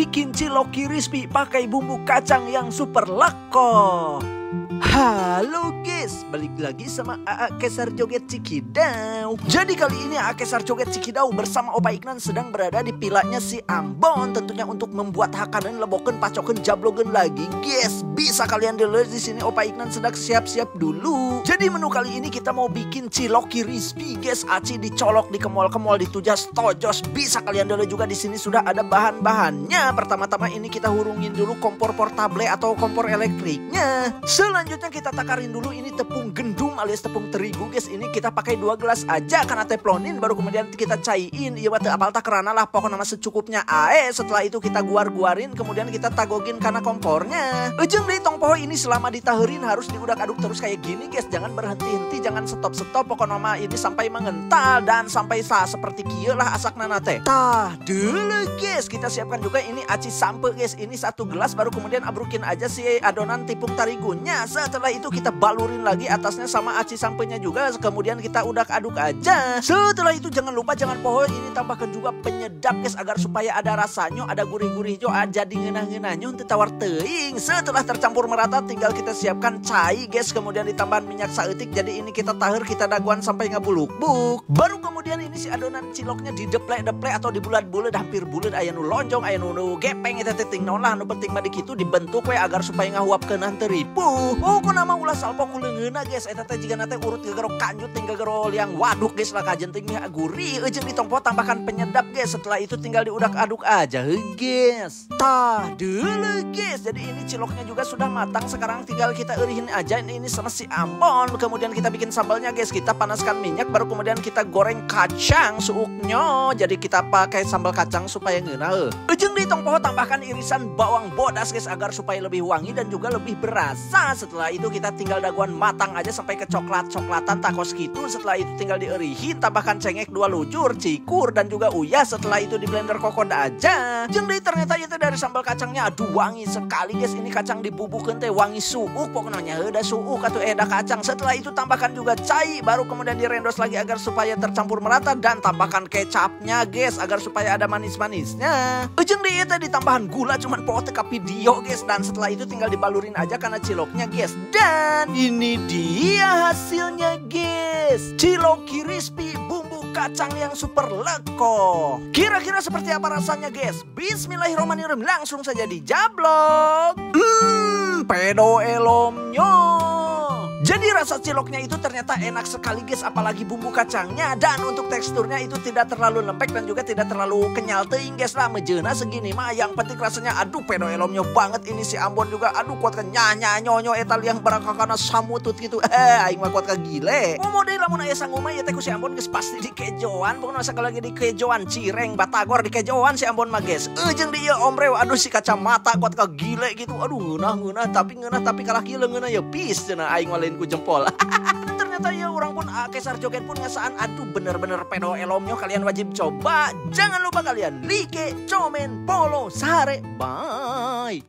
bikin cilok crispy pakai bumbu kacang yang super lekoh. Halo guys, balik lagi sama AA Kesar Joget Cikidau Jadi kali ini AA Kesar Joget Cikidau bersama Opa Ignan sedang berada di pilatnya si Ambon Tentunya untuk membuat hakanan leboken pacoken jablogen lagi Guys, bisa kalian dulu di sini Opa Ignan sedang siap-siap dulu Jadi menu kali ini kita mau bikin ciloki crispy guys Aci dicolok, dikemol-kemol, ditujas, tojos Bisa kalian dulu juga di sini sudah ada bahan-bahannya Pertama-tama ini kita hurungin dulu kompor portable atau kompor elektriknya Selanjutnya kita takarin dulu ini tepung gendum alias tepung terigu guys. Ini kita pakai dua gelas aja karena teplonin baru kemudian kita cairin Iya batu apal tak kerana lah pokok nama secukupnya ae. Setelah itu kita guar-guarin kemudian kita tagogin karena kompornya. Ujung dari tong poho ini selama ditahirin harus diudak aduk terus kayak gini guys. Jangan berhenti-henti, jangan stop-stop pokok nama ini sampai mengental dan sampai sah seperti kia lah asak nanate. Tah dulu guys kita siapkan juga ini aci sampe guys. Ini satu gelas baru kemudian abrukin aja si adonan tepung terigunya sampahnya. Setelah itu kita balurin lagi atasnya sama aci sampahnya juga. Kemudian kita udah aduk aja. Setelah itu jangan lupa jangan pohon ini tambahkan juga penyedap guys agar supaya ada rasanya, ada gurih gurih ah, aja jadi ngenah-ngenahnya untuk tawar teing. Setelah tercampur merata tinggal kita siapkan cai guys. Kemudian ditambah minyak saetik. Jadi ini kita tahir kita daguan sampai ngebuluk buk Baru kemudian ini si adonan ciloknya di deplek-deplek atau di bulat-bulat hampir bulat aya nu lonjong aya nu gepeng itu penting naon nu penting mah dikitu dibentuk we agar supaya ngahuapkeun teripu Oh, kok nama ulah salpo kulengeuna guys eta teh jika nate urut gegero kanjut tinggal gero liang waduk guys laka jenting mie mie gurih ejen ditompo tambahkan penyedap guys setelah itu tinggal diudak aduk aja guys tah dulu guys jadi ini ciloknya juga sudah matang sekarang tinggal kita irihin aja ini, ini sama si ambon kemudian kita bikin sambalnya guys kita panaskan minyak baru kemudian kita goreng kacang suuknya jadi kita pakai sambal kacang supaya ngena di ditongpo tambahkan irisan bawang bodas guys agar supaya lebih wangi dan juga lebih berasa setelah itu kita tinggal daguan matang aja sampai ke coklat-coklatan takos gitu. Setelah itu tinggal dierihin tambahkan cengek dua lucur, cikur dan juga uyah Setelah itu di blender kokoda aja. jadi ternyata itu dari sambal kacangnya. Aduh wangi sekali guys ini kacang dibubuhkan teh wangi suuk pokoknya udah suuk atau eda kacang. Setelah itu tambahkan juga cai baru kemudian direndos lagi agar supaya tercampur merata dan tambahkan kecapnya guys agar supaya ada manis-manisnya. Ujung eh, di itu ditambahan gula cuman potek video guys dan setelah itu tinggal dibalurin aja karena cilok guys. Dan ini dia hasilnya guys. Ciloki crispy bumbu kacang yang super leko. Kira-kira seperti apa rasanya guys? Bismillahirrahmanirrahim langsung saja dijablok. Hmm, pedo elomnya. Jadi rasa ciloknya itu ternyata enak sekali guys apalagi bumbu kacangnya dan untuk teksturnya itu tidak terlalu lembek dan juga tidak terlalu kenyal teing guys lah mejena segini mah yang penting rasanya aduh pedo elomnya banget ini si Ambon juga aduh kuat ke kan nyonyo etal yang berangkat karena samutut gitu eh aing mah kuat ke gile mau deh lamun aya umay ya teh si Ambon guys pasti di kejoan pokoknya asa lagi di kejoan cireng batagor di kejoan si Ambon mah guys ujeng eh, dia omre aduh si kacamata kuat ke gile gitu aduh ngena ngena tapi ngena tapi kalah gile ngena ya pis jena aing wale ku jempol. Ternyata ya orang pun ah, Kesar Joget pun ngesaan aduh bener-bener pedo elomnya kalian wajib coba. Jangan lupa kalian like, comment, follow, share. Bye.